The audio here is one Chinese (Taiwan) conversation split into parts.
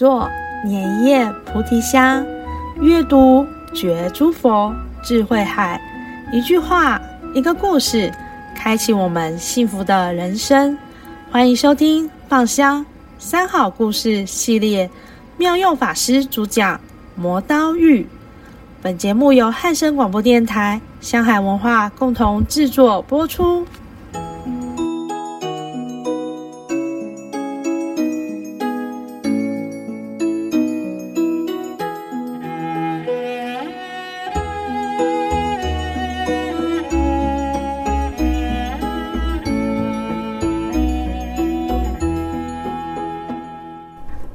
作蓮葉菩提香，閱讀覺諸佛智慧海。一句話，一個故事，開啟我們幸福的人生。歡迎收聽《Fun 香三好故事》系列，妙用法師主講《磨刀喻》。本節目由漢聲廣播電台、香海文化共同製作播出。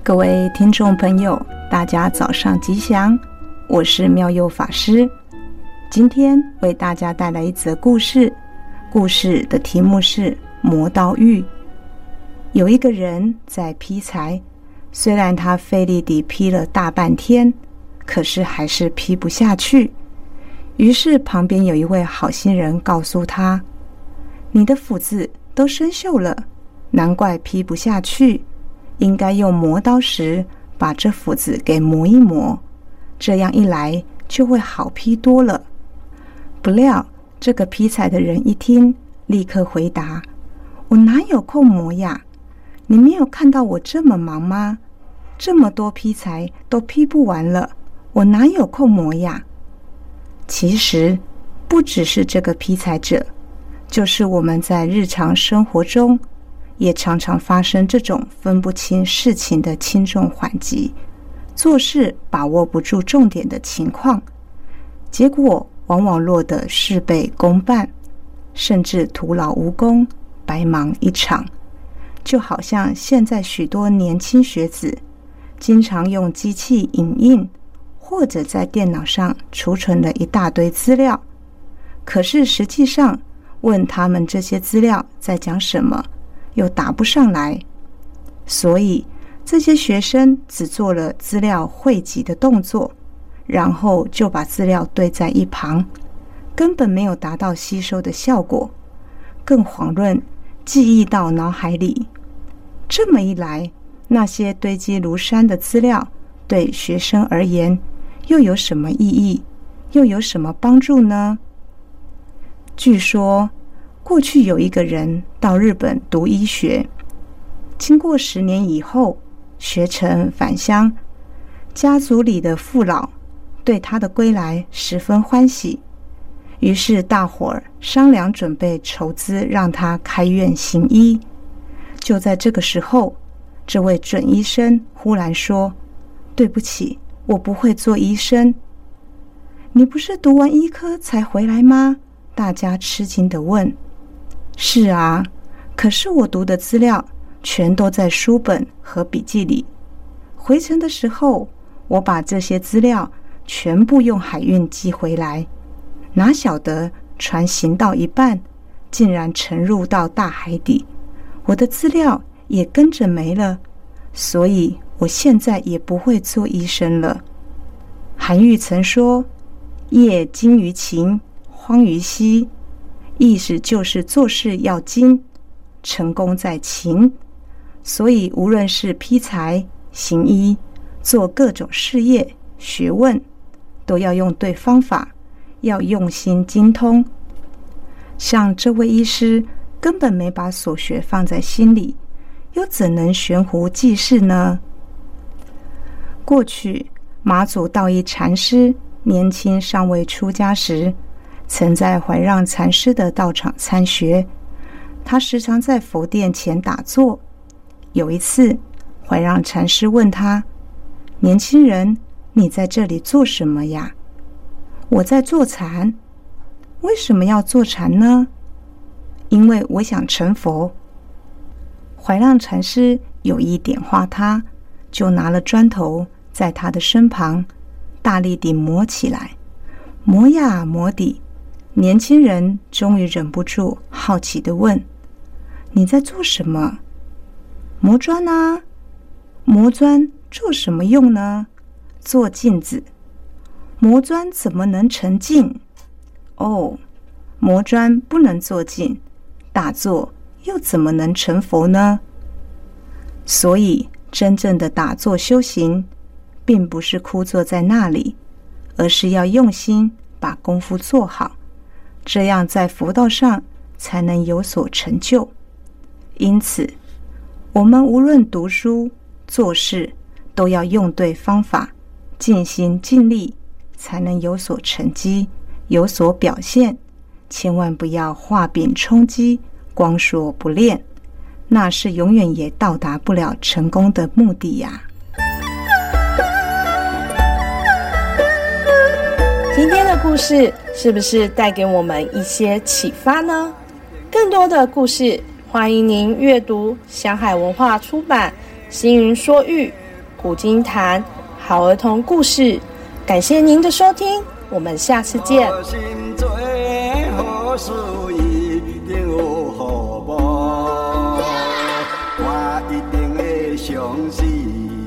各位聽眾朋友，大家早上吉祥！我是妙佑法師，今天為大家帶來一則故事。故事的題目是《磨刀喻》。有一個人在劈柴，雖然他費力地劈了大半天，可是還是劈不下去。於是旁邊有一位好心人告訴他：“你的斧子都生鏽了，難怪劈不下去。”應該用磨刀石把這斧子，給磨一磨，這樣一來就會好劈多了。不料這個劈柴的人一聽，立刻回答：“我哪有空磨呀？你沒有看到我這麼忙嗎？這麼多劈柴都劈不完了，我哪有空磨呀？”其實不只是這個劈柴者，就是我們在日常生活中，也常常發生這種分不清事情的輕重緩急，做事把握不住重點的情況，結果往往落得事倍功半，甚至徒勞無功、白忙一場。就好像現在許多年輕學子，經常用機器影印，或者在電腦上儲存了一大堆資料，可是實際上問他們這些資料在講什麼，又答不上來，所以這些學生只做了資料彙集的動作，然後就把資料堆在一旁，根本沒有達到吸收的效果，更遑論記憶到腦海裡。這麼一來，那些堆積如山的資料，對學生而言又有什麼意義，又有什麼幫助呢？據說，過去有一個人到日本讀醫學，經過十年以後學成返鄉，家族裡的父老對他的歸來十分歡喜，於是大夥兒商量準備籌資讓他開院行醫。就在這個時候，這位準醫生忽然說：“對不起，我不會做醫生。”你不是讀完醫科才回來嗎？大家吃驚的問。是啊，可是我讀的資料全都在書本和筆記裡。回程的時候，我把這些資料全部用海運寄回來，哪曉得船行到一半，竟然沉入到大海底，我的資料也跟着沒了。所以，我現在也不會做醫生了。韓愈曾說：“業精於勤，荒於嬉。”意思就是做事要精，成功在勤。所以，無論是劈柴、行醫、做各種事業、學問，都要用對方法，要用心精通。像這位醫師，根本沒把所學放在心裡，又怎能懸壺濟世呢？過去，馬祖道一禪師年輕尚未出家時，曾在懷讓禪師的道場參學，他時常在佛殿前打坐。有一次，懷讓禪師問他：“年輕人，你在這裡做什麼呀？”“我在坐禪。”“為什麼要坐禪呢？”“因為我想成佛。”懷讓禪師有意點化他，就拿了磚頭在他的身旁大力地磨起來，磨呀磨底。年輕人終於忍不住好奇地問：“你在做什麼？磨磚啊？磨磚做什麼用呢？做鏡子。磨磚怎麼能成鏡？哦，磨磚不能做鏡，打坐又怎麼能成佛呢？所以，真正的打坐修行，並不是枯坐在那裡，而是要用心把功夫做好。”這樣在佛道上才能有所成就。因此，我們無論讀書做事，都要用對方法，盡心盡力，才能有所成績、有所表現。千萬不要畫餅充飢，光說不練，那是永遠也到達不了成功的目的呀。今天的故事是不是帶給我們一些啟發呢？更多的故事，歡迎您閱讀香海文化出版《星雲說喻古今譚》好兒童故事。感謝您的收聽，我們下次見。我心